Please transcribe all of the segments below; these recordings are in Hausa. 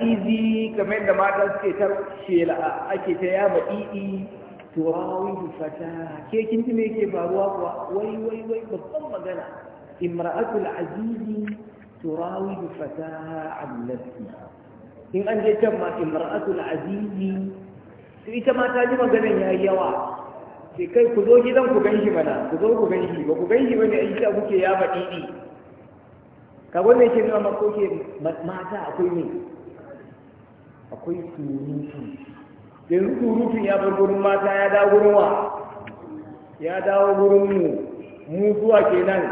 izi kamar yadda mata suke ta shela ake ta yaba i'i e e. turawi fata ke kin ji me yake faruwa kuwa wai wai wai babban magana imra'atul azizi turawi fata an nafsi in an je can ma imra'atul azizi to ita ma ta ji maganar yayi yawa sai kai ku zo gidan ku gan shi mana ku zo ku gan shi ba ku gan shi bane ai ta kuke yaba i'i ka gwanin shi ne ma ko ke mata akwai ne akwai surutu yanzu surutun ya bar gurin mata ya dawo gurin wa ya dawo gurin mu mu zuwa kenan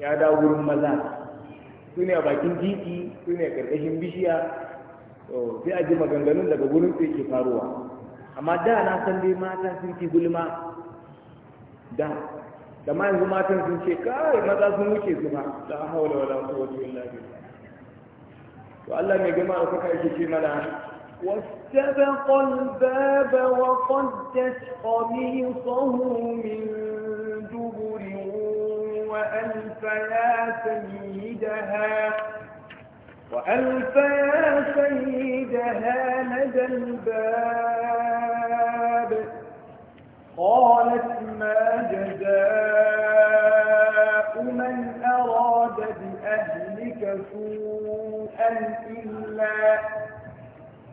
ya dawo gurin maza su ne a bakin jiki, su ne a ƙarƙashin bishiya sai a ji maganganun daga gurin su yake faruwa amma da na san dai mata sun ci gulma da da ma yanzu matan sun ce kai maza sun wuce su ba la haula wala quwwata illa billah والله يا جماعة فكر شيء ملا واستبق الباب وقدت قميصه من دبر وألف يا سيدها وألف يا سيدها لدى الباب قالت ما جزاء من يريك سوءا إلا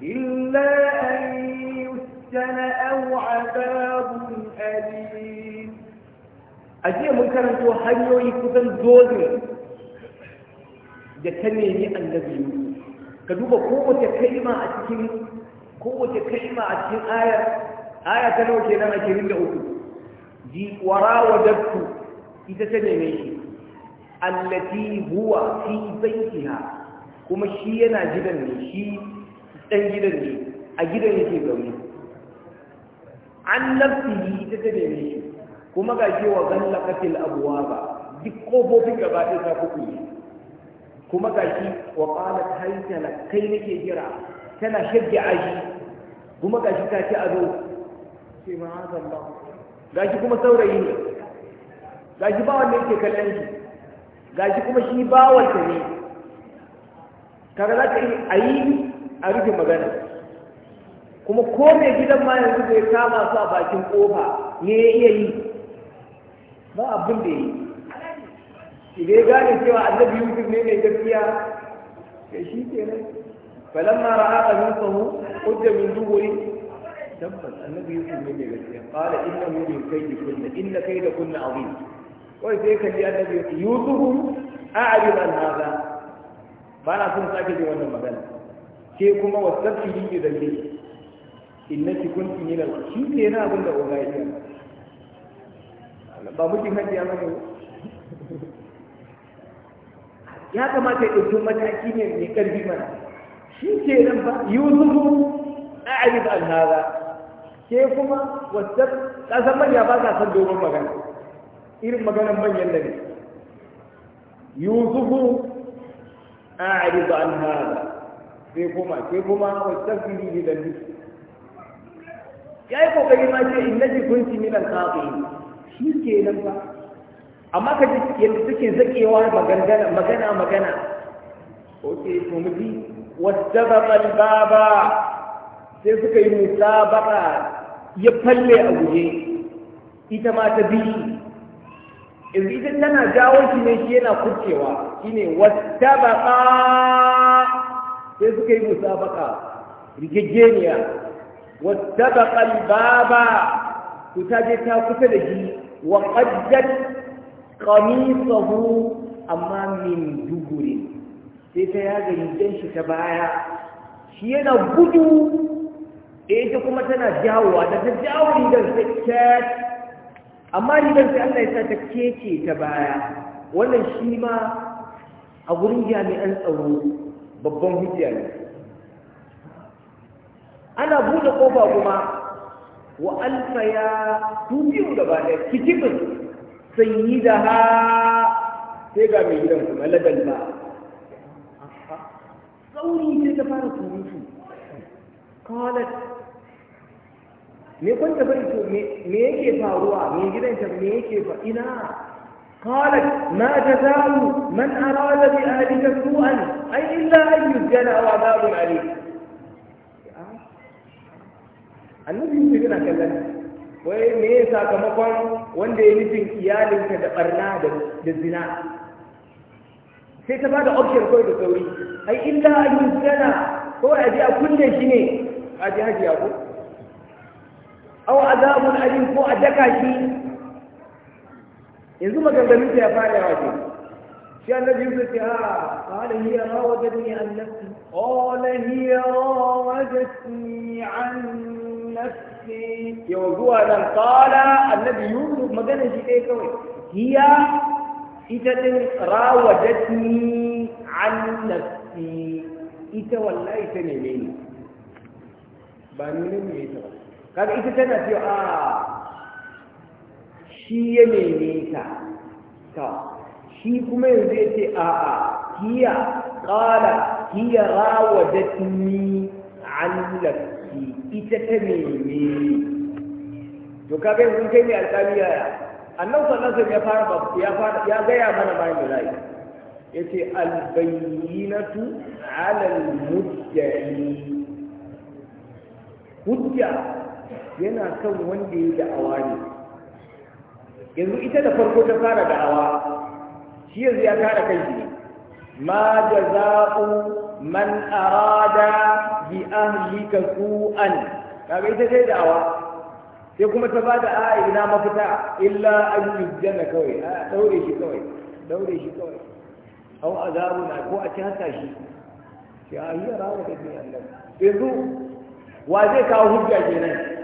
إلا أن يسجن أو عذاب أليم أجي ممكن يكون da ta nemi annabi ka duba kowace kalma a cikin kowace ayar ta nawa kenan a 23 ita ta neme shi allati huwa fi baitiha kuma shi yana gidan ne shi dan gidan ne a gidan yake zaune an nafsihi ta gane ne kuma ga shi wa zallaqatil abwaba duk kofofi gaba ɗaya ta kuku ne kuma ga shi wa qalat la kai nake jira tana shagge aji kuma ga shi ta ci azo sai ma hazan ba ga shi kuma saurayi ne ga shi ba wanda yake kallon shi gashi kuma shi bawanta ne kaga za ka yi a yi a rufe magana kuma ko mai gidan ma yanzu bai kama su a bakin kofa ne ya iya yi ba abin da ya yi idan ya gane cewa annabi yusuf ne mai gaskiya Ya shi kenan falamma ra'a qamisahu qudda min duhuri tabbas annabi yusuf ne mai gaskiya qala innahu min kaydi kunna inna kayda kunna azim kawai sai kalli annabi yusufu a an hada ba na son sake jin wannan magana ke kuma wasafiri in zalle ci kunti min al shi ne na abin da oga yi ba mutum hajji ya mana ya kamata ya ɗauki mataki ne mai ƙarfi mana shi ke nan ba yusufu a an hada ke kuma wasaf ƙasar manya ba sa san dogon magana irin maganan manyan nabi yusufu arizu an hada sai kuma sai kuma da li Ya yi kokari ma ce innaki kunti min al-khati'in shi ke nan ba amma ka ji yadda suke zakewa magana magana magana oke to mafi? ji wastabaqa al-baba sai suka yi musabaqa ya falle a guje ita ma ta bi idan tana jawo shi ne shi yana kucewa shine wata baka sai suka yi musabaka rigegeniya wata baka baba ku ta je ta kusa da shi wa qaddat qamisahu amma min dubure sai ta yaga rigen shi ta baya shi yana gudu da eh, ita kuma tana jawowa da ta jawo rigar sai amma rigar sai Allah ya sa ta kece ta baya wannan shi ma a gurin jami'an tsaro babban hujja ne ana buɗe ƙofa kuma wa alfa ya tubiyu gaba ɗaya kitimin sanyi da ha sai ga mai gidan kuma ladan ba sauri sai ta fara surutu kawalat me kun bari to me yake faruwa me gidan ta me yake fa ina قالت ما man arada bi alika su'an ai illa أن يسجن wa dabu أليم annabi yusuf gina kallon wai me ya sakamakon wanda ya nufin iyalinka da barna da zina sai ta bada option kawai da sauri ai illa an yi zana ko a ji a kunne shi ne a ji haji ko أو عذاب أليم كو أدكا شيء يزو ما كان دميت يا فاري راجي شيء الذي يقول ها آه، قال هي راودتني عن نفسي قال هي راودتني عن نفسي يوزو هذا قال الذي يقول ما كان شيء كوي هي إتت راودتني عن نفسي إتوالله تنميني بانيني ميتوالله kaga ita tana cewa a ah, shi ya neme ta shi kuma yanzu ya ce a a hiya qala hiya rawadatni an nafsi ita ta neme to kaga yanzu kai ne alƙali yaya annan sallallahu ya fara ya fara ya gaya mana bayan bala'i ce albayyinatu ala almudda'i hujja yana kan wanda ya da'awa ne yanzu ita da farko ta fara da'awa shi yanzu ya kare kanshi ne ma jaza'u man arada bi ahlika su'an kaga ita dai da'awa sai kuma ta bada a ina mafita illa an yujjana kawai a daure shi kawai daure shi kawai Hau azabu na ko a casa shi sai a yi rawa da bi annabi yanzu wa zai kawo hujja kenan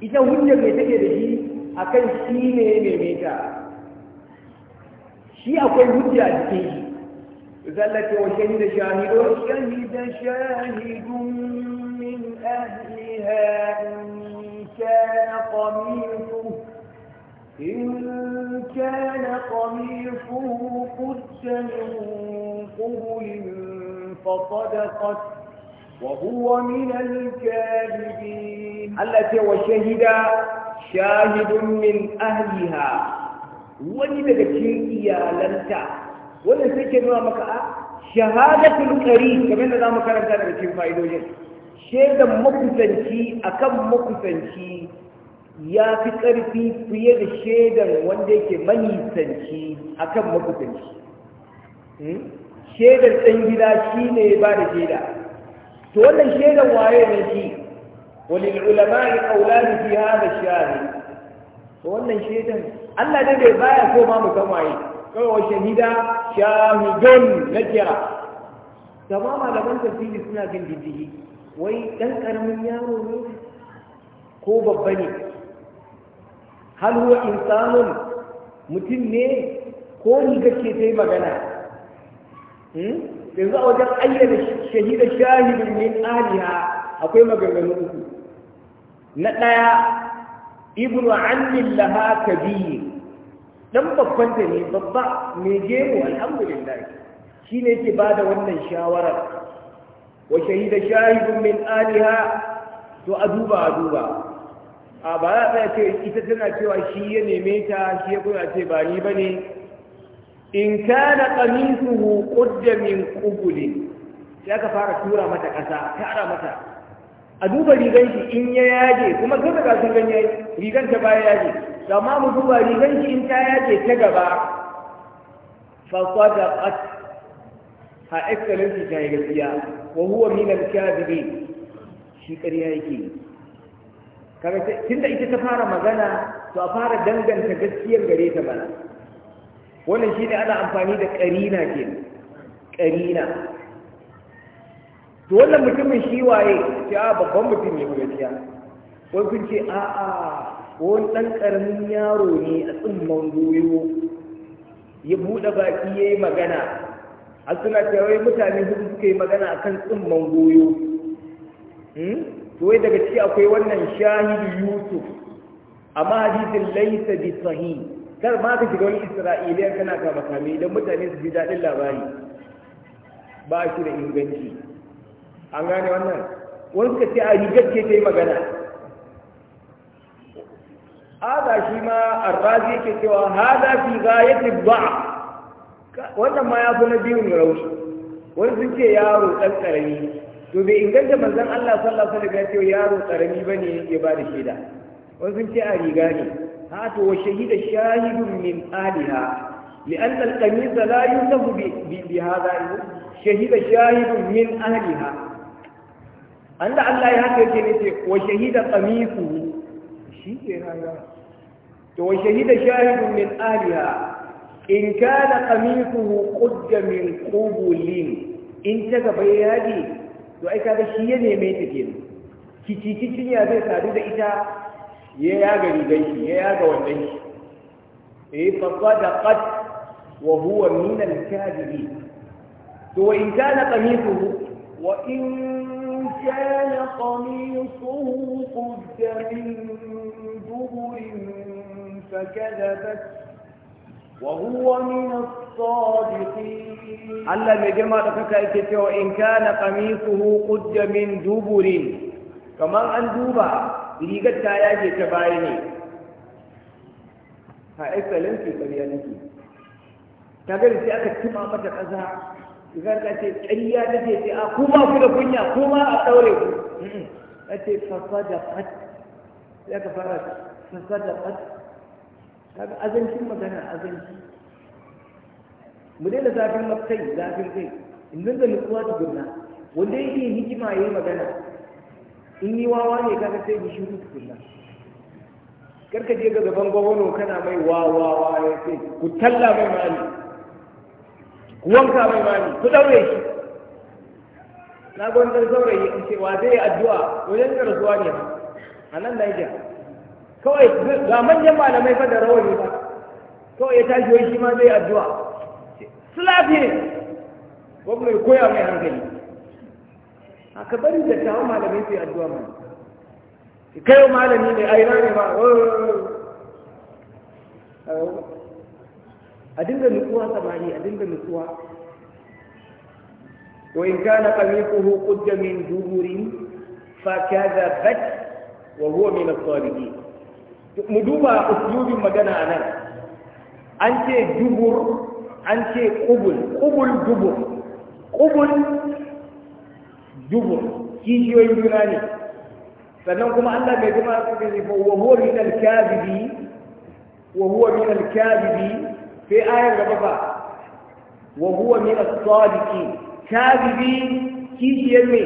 ita hujjar mai take da shi akan shi ne mai meta shi akwai hujja a cikin shi zallata wa shahida shahidu wa shahida shahidun min ahliha كان قميصه إن كان قميصه قد من قبل فصدقت وهو من الكاذبين التي وشهد شاهد من أهلها wani daga cikin iyalanta wannan sai ke nuna maka a shahadatul qari kamar da zamu karanta daga cikin fa'idojin shaidan makusanci akan makusanci ya fi ƙarfi fiye da shaidan wanda yake manisanci akan makusanci hmm? shaidan ɗan gida shine ba da shaida to wannan shaidan waye ne shi walil ulama'i qawlan fi hadha shahid to wannan shaidan Allah dai bai baya so ma mu san waye kawai shahida shahidun nakira kama malaman tafsiri suna bin diddigi wai dan karamin yaro ne ko babba ne hal huwa insanun mutum ne ko ni kake tai magana hmm? yanzu a wajen ayyana shahida shahidin min aliha akwai maganganu uku na ɗaya ibnu ammin laha kabir dan babban da ne babba mai gemu alhamdulillah shi ne ke ba da wannan shawarar wa shahida shahidun min aliha to a duba a duba a ba za a ce ita tana cewa shi ya neme ta shi ya kuna ce ba ni ba ne in kana qamisuhu qudda min qubulin sai aka fara tura mata ƙasa tara mata a duba rigan shi in ya yaje kuma sun daga sun ganye rigan ta baya yaje amma mu duba rigan shi in ta yaje ta gaba fa sadaqat ha excellence ta yi gaskiya wa huwa min al-kadhibin shi ƙarya yake kaga tunda ita ta fara magana to a fara danganta gaskiyar gare ta bana wannan shine ana amfani da karina ke karina to wannan mutumin shi waye ce a ah, babban mutum ne gaskiya wai kun ce a a wani dan karamin yaro ne a tsimman goyo ya buɗe baki ya yi magana a suna cewa mutane hudu suka yi magana a kan tsimman goyo hmm? to wai daga ciki akwai wannan shahidu yusuf amma hadisin laisa bi sahih kar ma ka shiga wani isra'iliya kana kama kame don mutane su ji daɗin labari ba shi da inganci an gane wannan wani suka ce a rigar ce ta yi magana haza shi ma arrazi yake cewa haza fi ce ba wannan ma ya fi na biyun rauni wani sun ce yaro ɗan ƙarami to bai inganta manzon Allah sallallahu alaihi wasallam ya ce yaro ƙarami bane ya ba da shaida wani sun ce a riga ne هاتوا وشهد شاهد من آلها لأن القميص لا يوصف بهذا شهد شاهد من أهلها أن الله يهتك وشهد قميصه شيء هذا وشهد شاهد من أهلها إن كان قميصه قد من قبل إن تكفى هذه to ai kaga shi ya neme ta kenan kicikicin ya zai sadu da ita ye ya yaga rigan shi ye ya ga wannan shi eh fa qad qad wa huwa min al kadibi to in kana qamisuhu wa in kana qamisuhu qudda min duburin fakadabat wa huwa min as-sadiqin Allah mai girma da kaka yake cewa in kana qamisuhu qudda min duburin kaman an duba rigar ta yage ta baya ne ha excellency ƙarya nake ta gari sai aka tuma mata ƙasa rigar ta ce ƙarya nake sai a kuma ku da kunya kuma a ɗaure ku ta ce fasada fat sai aka fara fasada fat ga azancin magana azanci mu daina zafin kai zafin kai in dinga nutsuwa tukunna wanda yake hikima yi magana in yi wawa ne kaga sai yi shiru tukunna karka je ga gaban gwamnati kana mai wawa ya ce ku talla mai mali ku wanka mai mali ku daure shi na gwamnatin saurayi in ce wa zai addu'a wajen karsuwa ne a nan Niger kawai ga manyan malamai fa da rawani ba kawai ya tashi wai shi ma zai addu'a sulafi gwamnati koya mai hankali a ka bari da tawon malamai su yi addu'a ma kai malami ne a yi ba a dinga nutsuwa samari a dinga nutsuwa wa in kana qamisuhu qudda min duburin fa Bat, wa huwa min as-sadiqin mu duba uslubin magana anan an ce dubur an ce qubul qubul dubur qubul dubur kishiyoyin juna ne sannan kuma Allah mai kuma suka ce fa wa huwa min al-kadhibi wa huwa min al-kadhibi sai ayar gaba fa wa huwa min as-sadiqin kadhibi kishiyar ne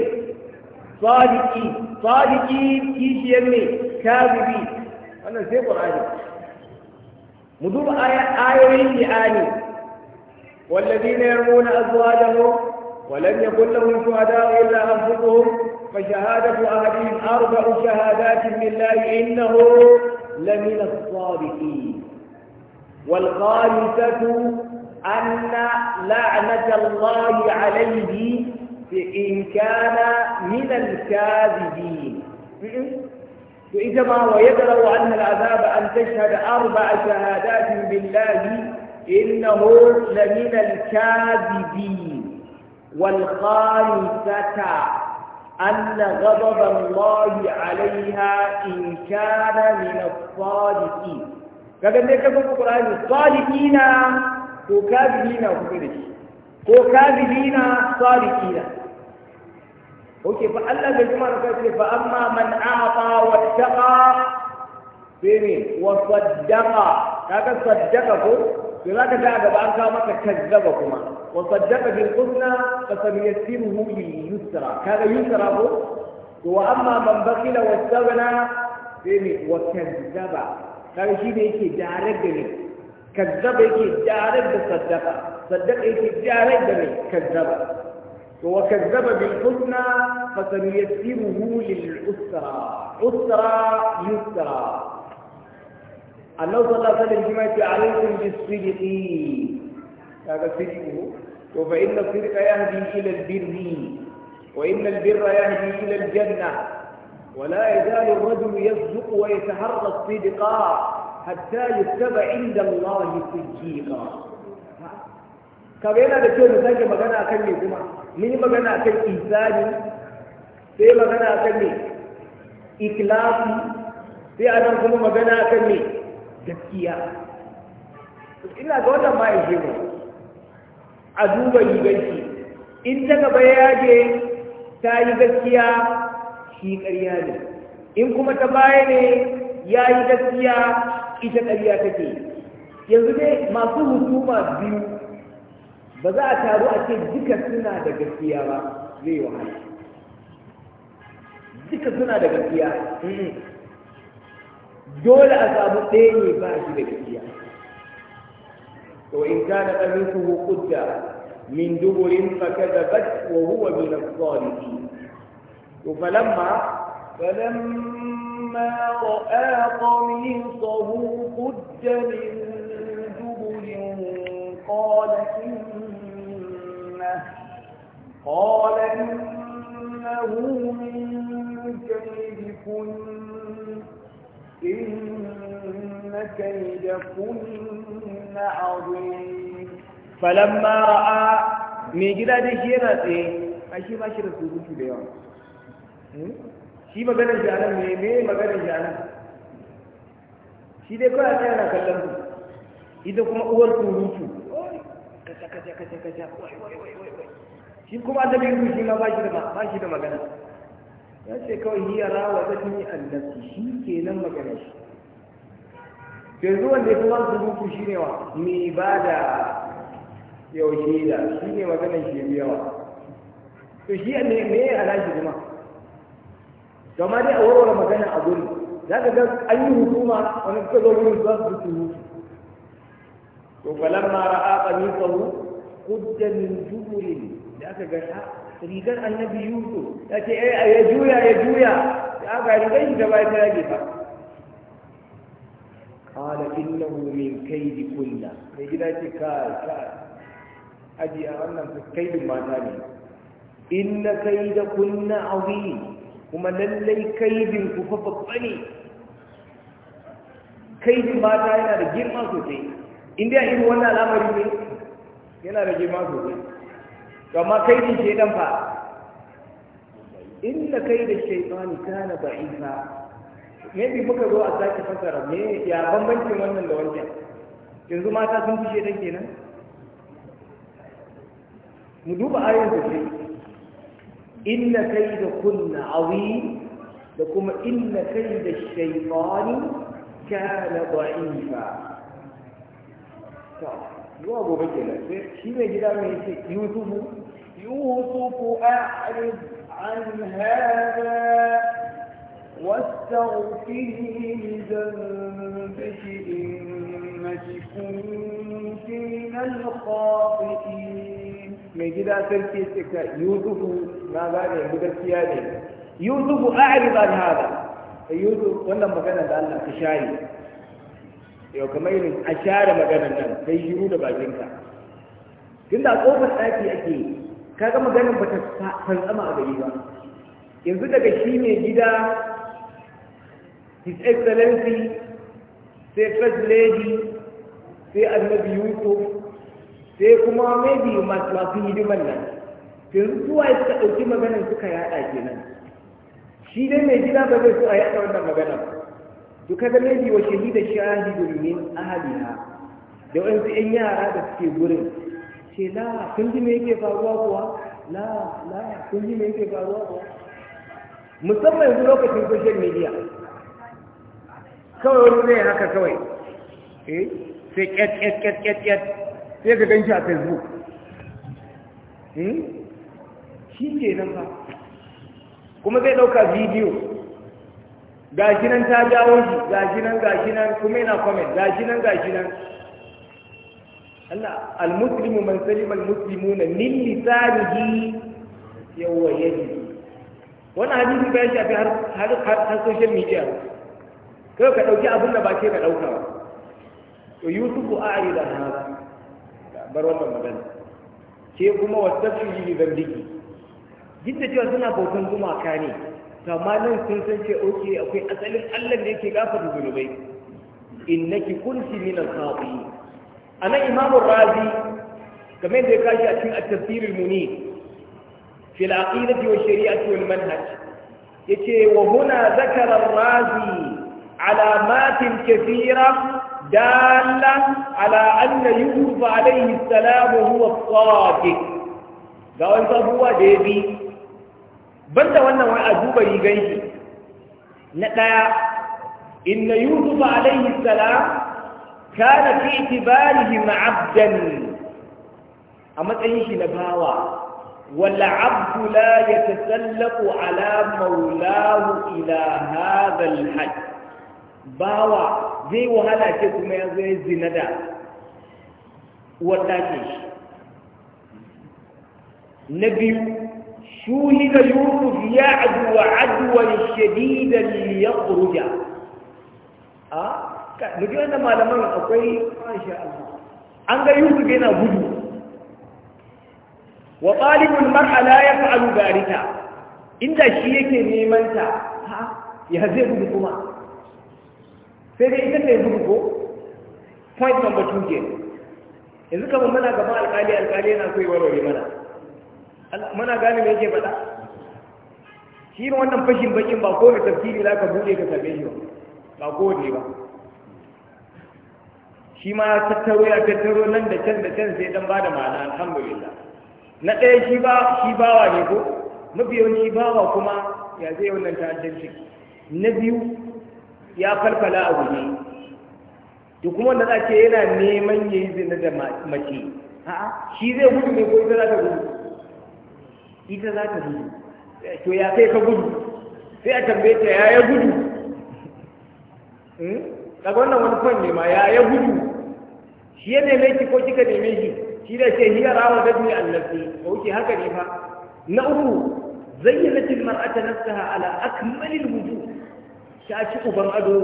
sadiqi sadiqi kishiyar ne kadhibi wannan sai qur'ani mu duba ayoyin ne ani والذين يرمون أزواجهم ولم يكن لهم شهداء إلا أنفسهم فشهادة أحدهم أربع شهادات لله إنه لمن الصادقين والخامسة أن لعنة الله عليه إن كان من الكاذبين فإذا ما ويدرأ عن العذاب أن تشهد أربع شهادات بالله إنه لمن الكاذبين والخامسة أن غضب الله عليها إن كان من الصادقين كذا ذكر في القرآن الصادقين وكاذبين وكذبين وكاذبين صادقين أوكي فالله بجمع الكاذب فأما من أعطى واتقى فيمين وصدق كذا صدقه to za ka ga gaba an kawo maka kazzaba kuma wa saddaka bil husna fa sanyassiruhu lil yusra kaga yusra ko to wa amma man bakila wastaghna sai ne wa kazzaba kaga shi ne yake direct da ne kazzaba yake direct da saddaka saddaka yake direct da ne kazzaba to wa kazzaba bil husna fa sanyassiruhu lil usra usra yusra الله صلى الله عليه وسلم عليكم بالصدق هذا صدقه وفإن الصدق يهدي إلى البر وإن البر يهدي إلى الجنة ولا يزال الرجل يصدق ويتحرى الصدق حتى يكتب عند الله صديقا كما يقول لك مثلا كما كان أكلي كما من ما كان أكل إنساني سيما كان أكلي إخلاصي سيما كان أكلي gaskiya ina ga wannan ma yake mu a duba ribanci in ta gaba ya je ta yi gaskiya shi ƙarya ne in kuma ta baya ne ya yi gaskiya ita ƙarya take yanzu dai masu hukuma biyu ba za a taru a ce duka suna da gaskiya ba zai wahala duka suna da gaskiya hmm. جول أصاب تاني باش بكتيا وإن كان قميصه قد من دبر فكذبت وهو من الصالحين فلما فلما رأى قميصه قد من دبر قال إنه قال إنه من كيدكن عظيم فلما رأى mai gida dai shi yana tsaye a shi ba shi da surutu da yawa shi maganar shi anan me me maganar shi anan shi dai kawai ana yana kallon su ita kuma uwar surutu kaca kaca kaca kaca shi kuma annabi yusuf shi ma ba shi da ba shi da magana ya ce kawai hiya rawa ta ni annabi shi kenan maganar shi yanzu wanda ya kuma su mutu shi ne wa mai ba da yaushe da shi ne maganin shi yabi yawa to shi ne me ya alashi kuma to ma dai a warware magana a gurin za ka ga an yi hukuma wani suka zo gurin za su mutu mutu to falamma ra'a qamisahu qudda min duburin da aka ga rigar annabi yusuf ya ce eh ya juya ya juya da aka rigar shi gaba ta yage fa qala innahu min kaidi kunna mai gida ce ka ka aji a wannan kaidin mata ne inna kaida kunna azim kuma lallai kaidin ku fa babba ne kaidin mata yana da girma sosai inda irin wannan al'amari ne yana da girma sosai to amma kaidin shedan fa inna kaida shaytani kana da'ifa maybe muka zo a sake fasara me ya bambanci wannan da wancan yanzu mata sun fi shedan kenan mu duba ayin da ke inna kai da kunna awi da kuma inna kai da shaifani kana ba'ifa zuwa gobe kenan sai shi mai gida mai yake yusufu yusufu a'rid an hada واستغفره لذنبك إنك كنت من الخاطئين mai gida sarki ya cika yusufu na gane yanzu gaskiya ne yusufu a ariban hada yusuf wannan magana da allah ta share yau kamar irin a share maganar nan sai shiru da bakinka tunda kofar ɗaki ake kaga maganar ba ta a gari ba yanzu daga shi mai gida His Excellency, sai First Lady, sai Annabi Yusuf, sai kuma maybe masu hidiman nan. Yanzu zuwa suka ɗauki maganar suka yaɗa kenan. Shi dai mai gida ba zai so a yaɗa wannan maganar. To kaga maybe wa shahida domin min ahliha. Da wanzu 'yan yara da suke gurin. Ce la, kun ji me yake faruwa kuwa? La, la, kun ji me yake faruwa kuwa? Musamman yanzu lokacin social media. kawai wani zai haka kawai eh sai ƙyat ƙyat ƙyat ƙyat sai ka ganshi a facebook eh, shi ke nan ba kuma zai ɗauka bidiyo ga nan ta jawo shi ga shi nan nan kuma yana comment ga shi nan nan Allah al-muslimu man salim al na min lisanihi yawwa yadi wannan hadisi ba shi shafi har har social media kai ka ɗauki abin da ba ke ka ɗauka ba to yusufu a yi da hana bar wannan magana ke kuma wata su yi zambiki duk da cewa suna bautan gumaka ne amma nan sun san ce oke akwai asalin allah da yake gafarta zunubai innaki kunti min al-khati'in anan imamu razi kamar da ya kashi a cikin at-tafsir al-munir في العقيدة والشريعة والمنهج wa وهنا ذكر الرازي علامات كثيرة دالة على أن يوسف عليه السلام هو الصادق قال أنت هو ديبي بنت وانا وأجوب يغيش نتايا إن يوسف عليه السلام كان في اعتبارهم عبدا أما تعيش نباوة والعبد لا يتسلق على مولاه إلى هذا الحد bawa zai wahala ce kuma ya zai zina da wadda ke shi na biyu ya يوسف يعدو عدوا شديدا ليخرج اه mutum wanda malaman akwai masha Allah an ga Yusuf yana gudu wa talibul mar'a ya yaf'alu garita. inda shi yake neman ta ya zai gudu kuma sai dai ita ce gudu ko point number two ke yanzu kamar mana gaba alƙali alƙali yana kai ya warware mana muna gane me yake faɗa shi ne wannan fashin bakin ba kowane tafsiri za ka buɗe ka same shi ba kowane ba shi ma tattaro ya tattaro nan da can da can sai dan bada ma'ana alhamdulillah na ɗaya shi ba shi bawa ne ko mafi yawanci bawa kuma ya zai wannan ta'addanci na biyu ya falfala a waje to kuma wanda za ce yana neman ya yi zina da mace a'a shi zai gudu ne ko ita za ta gudu ita za ta gudu to ya kai ka gudu sai a tambaye ta ya ya gudu daga hmm? wannan wani kwan ne ma ya ya gudu shi ya neme ki ko kika neme shi shi da ke hiyar rawa da duniya annabi ko wuce haka ne fa na uku zayyanatil mar'ata nafsaha ala akmalil wujud ta ci uban ado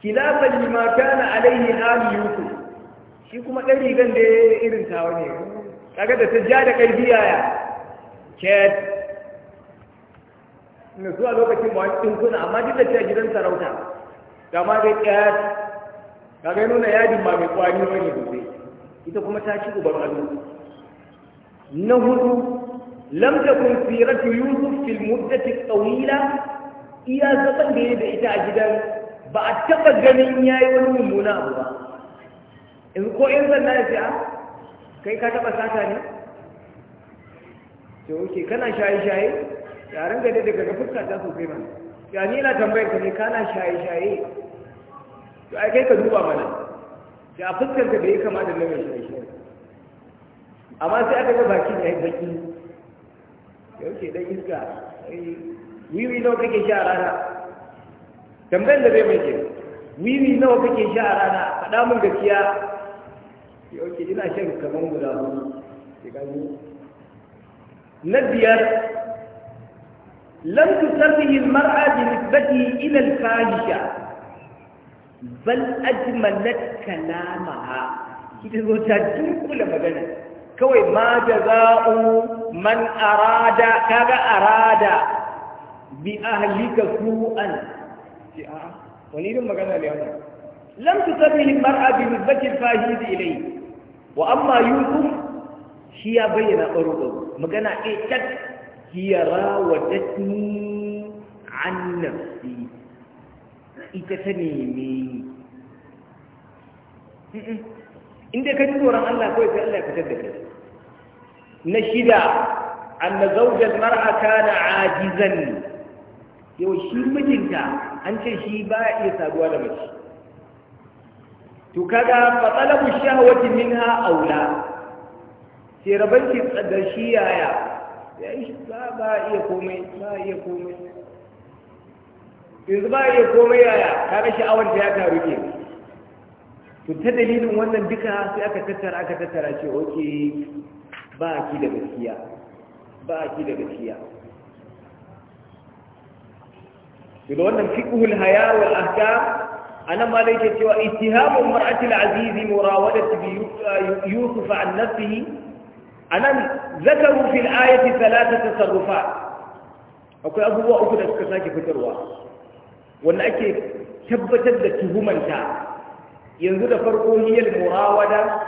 khilafan lima kana alaihi ali yusuf shi kuma dan rigan da irin tawa ne kaga da ta ja da karfi yaya Ke. ne zuwa lokacin ma din kuna amma duk da ta gidan sarauta da ma dai ket kaga nuna yadin ma mai kwani bane gobe ita kuma ta ci uban ado na hudu lam takun siratu yusuf fil muddati tawila iya zaman da ya da ita a gidan ba a taɓa ganin ya yi wani mummuna abu ba in ko in zanna ya ce kai ka taɓa sata ne to wuce kana shaye-shaye yaren gade daga ga fuska ta sosai mana ya ni na tambayar ka ne kana shaye-shaye to ai kai ka duba mana ya a fuskar ka da ya kama da na mai shaye-shaye amma sai aka ga bakin ya yi baki ya wuce dan iska wiwi nawa kake sha a rana tambayar da zai mai wiwi nawa kake sha a rana faɗa mun gaskiya yau ina shan kaman guda hudu na biyar lam tusarrihi al-mar'a bi nisbati ila al-fahisha bal ajmalat kalamaha ita zo ta dukula magana kawai ma jaza'u man arada kaga arada bi ahlika su'an ce a wani irin magana ne wannan lam tusabihi mar'a bi rubbatil fahid ilayhi wa amma yusuf shi ya bayyana baro baro magana a tat hiya rawadatni an nafsi ita ta neme inda ka ji tsoron Allah kawai sai Allah ya fitar da kai na shida أن زوج المرأة كان عاجزا yau shi mijinta an ce shi ba ya iya saduwa da mace to kaga fa talabu shahawati minha aula sai rabanci da shi yaya ya yi ba ba iya komai ba iya komai yanzu ba iya komai yaya kaga sha'awar ta ya taru ke to ta dalilin wannan duka sai aka tattara aka tattara ce oke ba ki da gaskiya ba ki da gaskiya في دون فقه الهياء والأحكام أنا ما ليك سوى اتهام المرأة العزيز مراودة يوسف عن نفسه أنا ذكروا في الآية ثلاثة تصرفات أقول أبو أخذ أسكتناك في تروى وأن أكي ثبتت ذاتهما انتا ينزل هي المراودة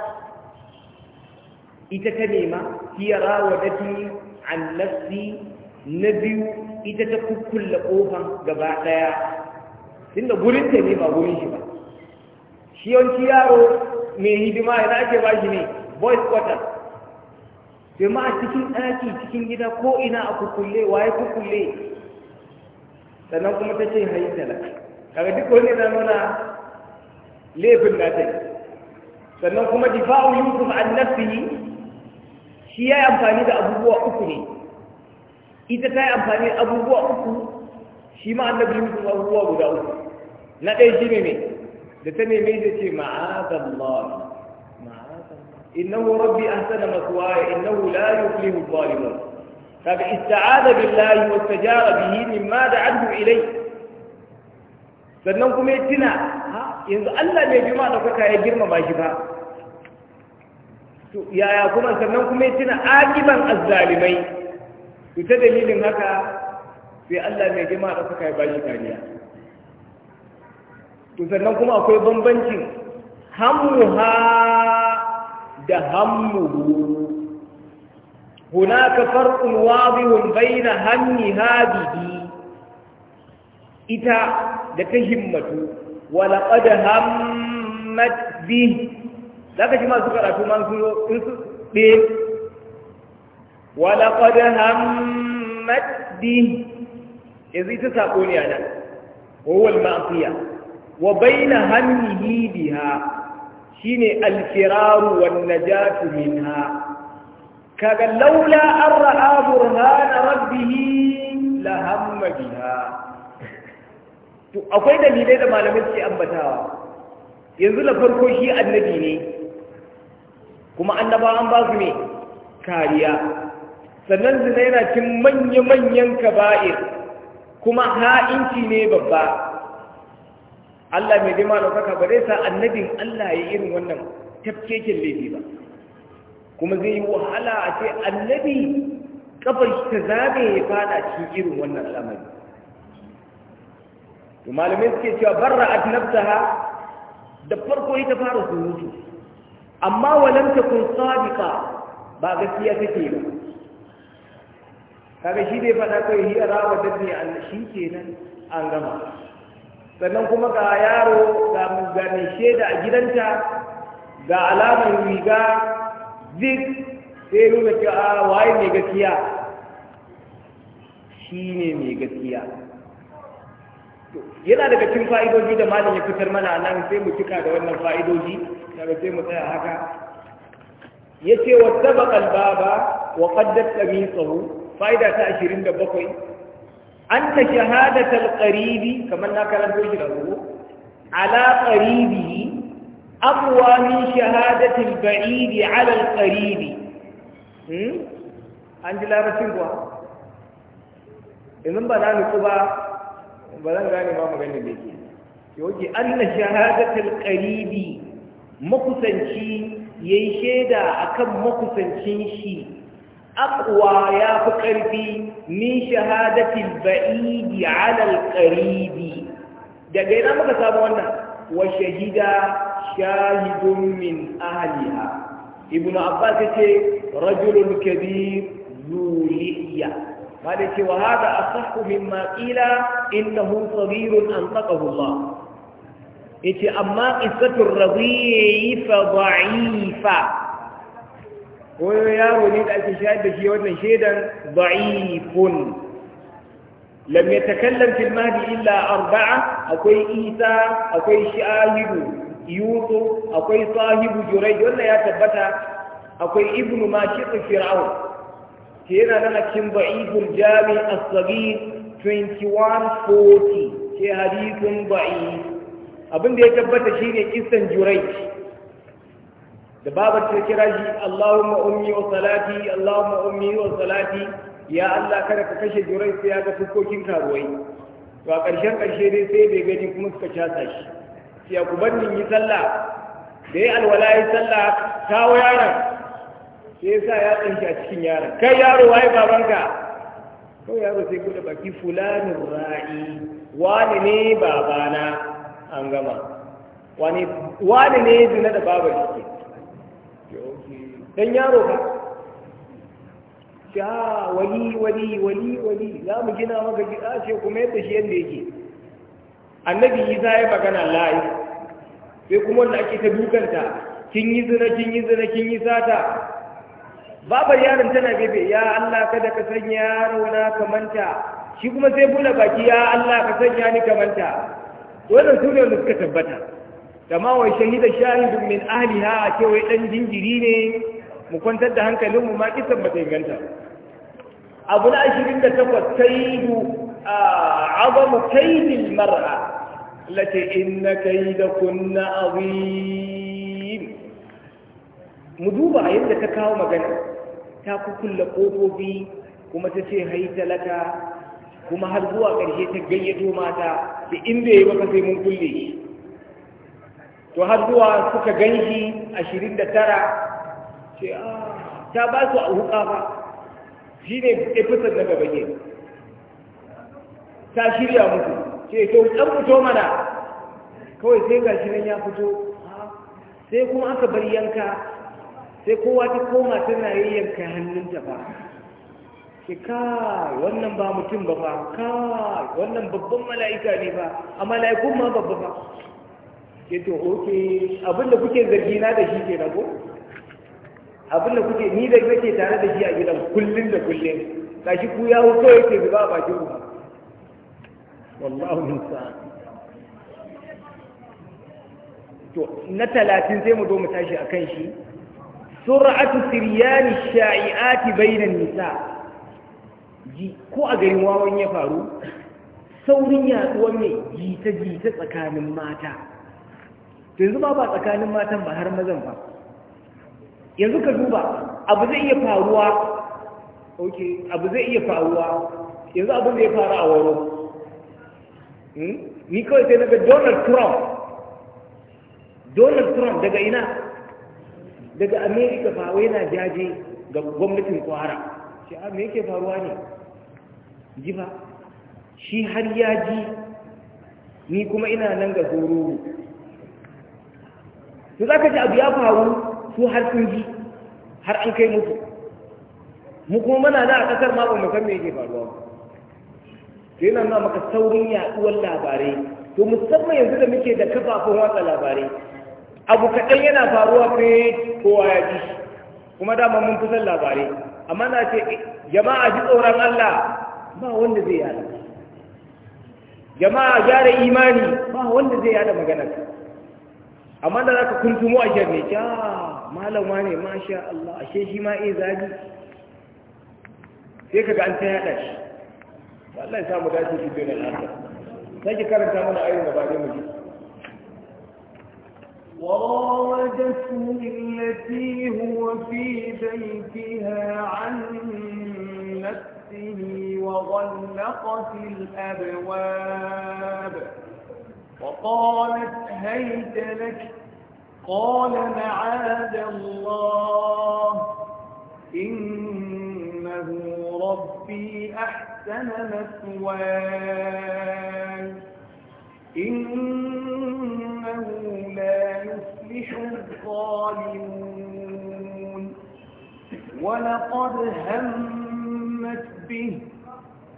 إتتنيما هي راودتي عن نفسي نبي ita ta kukkulla ƙofan gaba ɗaya tunda gurin ta ne ba gurin shi ba shi yawanci yaro mai hidima idan ake ba shi ne boys quarter sai ma a cikin ɗaki cikin gida ko ina a kukkulle waye kukkulle sannan kuma ta ce hayi talaka kaga duk wani na nuna laifin na ta sannan kuma difa'u yusuf an nafsihi shi ya yi amfani da abubuwa uku ne ita ta yi amfani abubuwa uku shi ma annabi mutum abubuwa guda uku na ɗaya shi ne da ta neme ta ce ma'azallah innahu rabbi ahsana maswaya innahu la yuflihu adh-dhalimun kaga ista'ada billahi wa istajara bihi mimma da'anhu ilai sannan kuma ya tuna yanzu Allah bi ma da kuka ya girmama shi ba yaya kuma sannan kuma ya tuna akiban azzalimai ita dalilin haka sai Allah mai jima da suka yi bashi kariya to sannan kuma akwai bambancin hammuha da hammuhu hunaka farqun wadihun baina hammi hadihi ita da ta himmatu wa laqad hammat bi zaka ji masu karatu man sun ɗaya walaƙad hammat yanzu ita saƙo ne a nan wawal ma'afiya wa baina hammihi biha shine alfiraru wan najatu minha kaga laula an ra'a burhana rabbihi la hamma biha to akwai dalilai da malamai suke ambatawa yanzu na farko shi annabi ne kuma annaba an basu mai kariya sannan zina yana cin manya-manyan kaba'ir kuma ha'inci ne babba Allah mai jima da kaka ba zai sa annabin Allah ya irin wannan tafkekin laifi ba kuma zai yi wahala a ce annabi kafar shi ta zabe ya fada cikin irin wannan al'amari to malamai suke cewa barra nafsaha da farko ita fara mutu, amma walam takun sadiqa ba gaskiya take ba kaga shi dai fada kai hi da ni an shi kenan an gama sannan kuma ga yaro ga ga mai shaida a gidanta ga alamar riga zik sai nuna a ah, waye mai gaskiya shi ne mai gaskiya yana daga cikin fa'idoji da malam ya fitar mana nan sai mu cika da wannan fa'idoji daga sai mu tsaya haka yace wa sabaqal baba wa qaddat qamisahu fa'ida ta ashirin da bakwai an ta shahadatar ƙaribi kamar na karanto shi da zuwa ala ƙaribi abuwa min shahadatar ba'idi alal ƙaribi hmm? an ji larabcin kuwa idan ba na nutsu ba ba zan gane ma maganin da ke yauki an na shahadatar ƙaribi makusanci ya yi shaida kan makusancin shi أقوى يا قلبي من شهادة البعيد على القريب دقينا مكتابونا وشهد شاهد من أهلها ابن عباس رجل كبير ذو لئية قال وهذا أصح مما قيل إنه صغير أنطقه الله إتي أما قصة الرضيع فضعيفة Koyo yaro ne da ake shayar da shi wannan shaidan da'ifun lam yatakallam fil mahdi illa arba'a akwai isa akwai shahidu yusuf akwai sahibu jurayj wannan ya tabbata akwai ibnu mashiq fir'aun ke yana nan cikin da'iful jami as sagir 2140 ke hadithun ba'i. abin da ya tabbata shine kisan jurai. da babar ta kira shi Allahumma ummi wa salati Allahumma ummi wa salati ya Allah kada ka kashe jurai sai ya ga fuskokin karuwai to a ƙarshen ƙarshe dai sai bai gani kuma suka casa shi sai ya kuma bannin yi sallah da ya alwala yi sallah kawo yaron sai ya sa ya tsanci a cikin yaron kai yaro waye babanka kawai yaro sai bude baki fulanin ra'i wani ne babana an gama wani ne zina da babar shi dan yaro ka ya wali wali wali wali za mu gina maka gida ce kuma yadda shi yadda yake annabi isa ya magana layi sai kuma wanda ake ta dukanta kin yi zina kin yi zina kin yi sata babar yaron tana gefe ya Allah kada ka sanya yaro na kamanta shi kuma sai bude baki ya Allah ka sanya ni kamanta wannan ne wanda suka tabbata kama wa shahida shahidun min ahliha a cewa dan jinjiri ne mu kwantar da mu ma kisan mata inganta abu na ashirin da takwas kaidu azamu kaidil mar'a lati inna kaidakunna azim mu duba yadda ta kawo magana ta kukulla kofofi kuma ta ce talaka kuma har zuwa ƙarshe ta gayyato mata da inda ya yi sai mun kulle shi to har zuwa suka ganshi ashirin ce ah, ta ba su a huka ba shi ne efisar na gaba ke ta shirya musu ce to ɗan fito mana kawai sai ga shi nan ya fito sai kuma aka bar yanka sai kowa ta koma tana yanka hannunta ba ke kai wannan ba mutum ba ba kai wannan babban mala'ika ne ba a mala'ikun ma babba ba ke to oke abinda kuke zargi na da shi ke na abin da kuke ni da kake tare da shi a gidan kullum da kullum shi ku yawo kawai yake ba ba bakin ku wallahu min to na talatin sai mu zo mu tashi akan shi sur'atu siryani sha'iati bainan nisa ji ko a garin wawan ya faru saurin yaduwar ne jita jita tsakanin mata yanzu ba ba tsakanin matan ba har mazan ba yanzu ka duba abu zai iya faruwa ok abu zai iya faruwa yanzu abu zai fara faru a waro hmm? ni kawai sai na ga donald trump donald trump daga ina daga america fa na jaje ga gwamnatin kwara shi a ah, me yake faruwa ne ji ba shi har ya ji ni kuma ina nan ga zororo to za ka ji abu ya faru su har sun ji har an kai mutu, mu kuma mana da a kasar ma ba mu san me yake faruwa ba sai nan na maka saurin yaduwar labarai to musamman yanzu da muke da kafafun watsa labarai abu kaɗan yana faruwa fe kowa ya ji kuma dama mun fi san labarai amma na ce eh, jama'a ji tsoron Allah ba wanda zai yada jama'a gyara imani ba wanda zai yada maganar amma da zaka mu a jami ja malama ne masha Allah ashe shi ma eh zagi sai kaga an ta yada shi Allah ya samu dace shi dole lafiya sai ki karanta mana ayoyin da ba dai mu ji وراودته التي هو في بيتها عن نفسه وغلقت الأبواب وقالت هيت لك قال معاذ الله إنه ربي أحسن مثواي إنه لا يفلح الظالمون ولقد همت به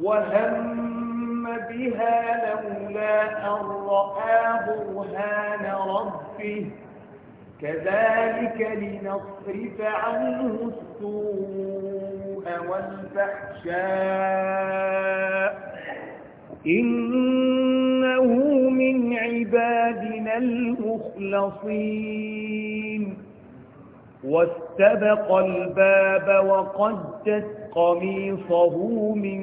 وهم بها لولا أن رأى برهان ربه كذلك لنصرف عنه السوء والفحشاء إنه من عبادنا المخلصين واستبق الباب وقدت قميصه من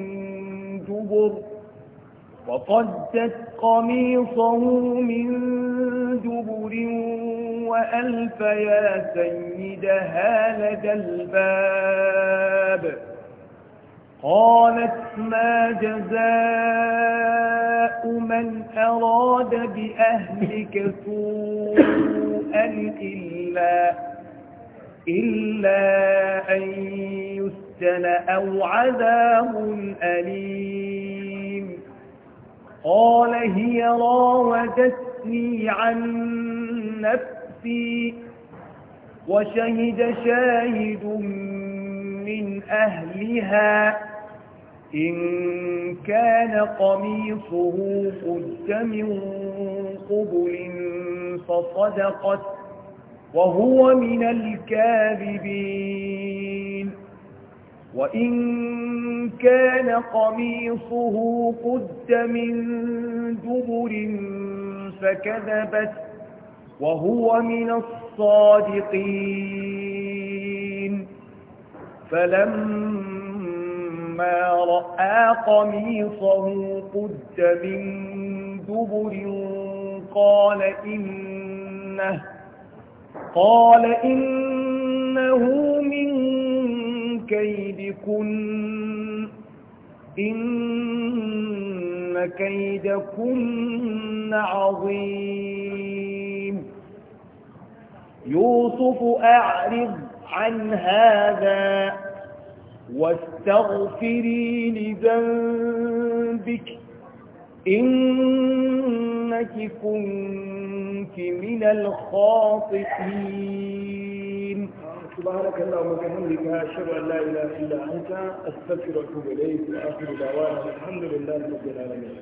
دبر وقدت قميصه من دبر وألف يا سيدها لدى الباب قالت ما جزاء من أراد بأهلك سوءا إلا, إلا أن يسجن أو عذاب أليم قال هي راودتني عن نفسي نفسي وشهد شاهد من أهلها إن كان قميصه قد من قبل فصدقت وهو من الكاذبين وإن كان قميصه قد من دبر فكذبت وهو من الصادقين فلما رأى قميصه قد من دبر قال إنه قال إنه من كيدكن كيدكن عظيم يوسف أعرض عن هذا واستغفري لذنبك إنك كنت من الخاطئين سبحانك اللهم وبحمدك أشهد أن لا إله إلا أنت أستغفرك وأتوب إليك وآخر دعوانا الحمد لله رب العالمين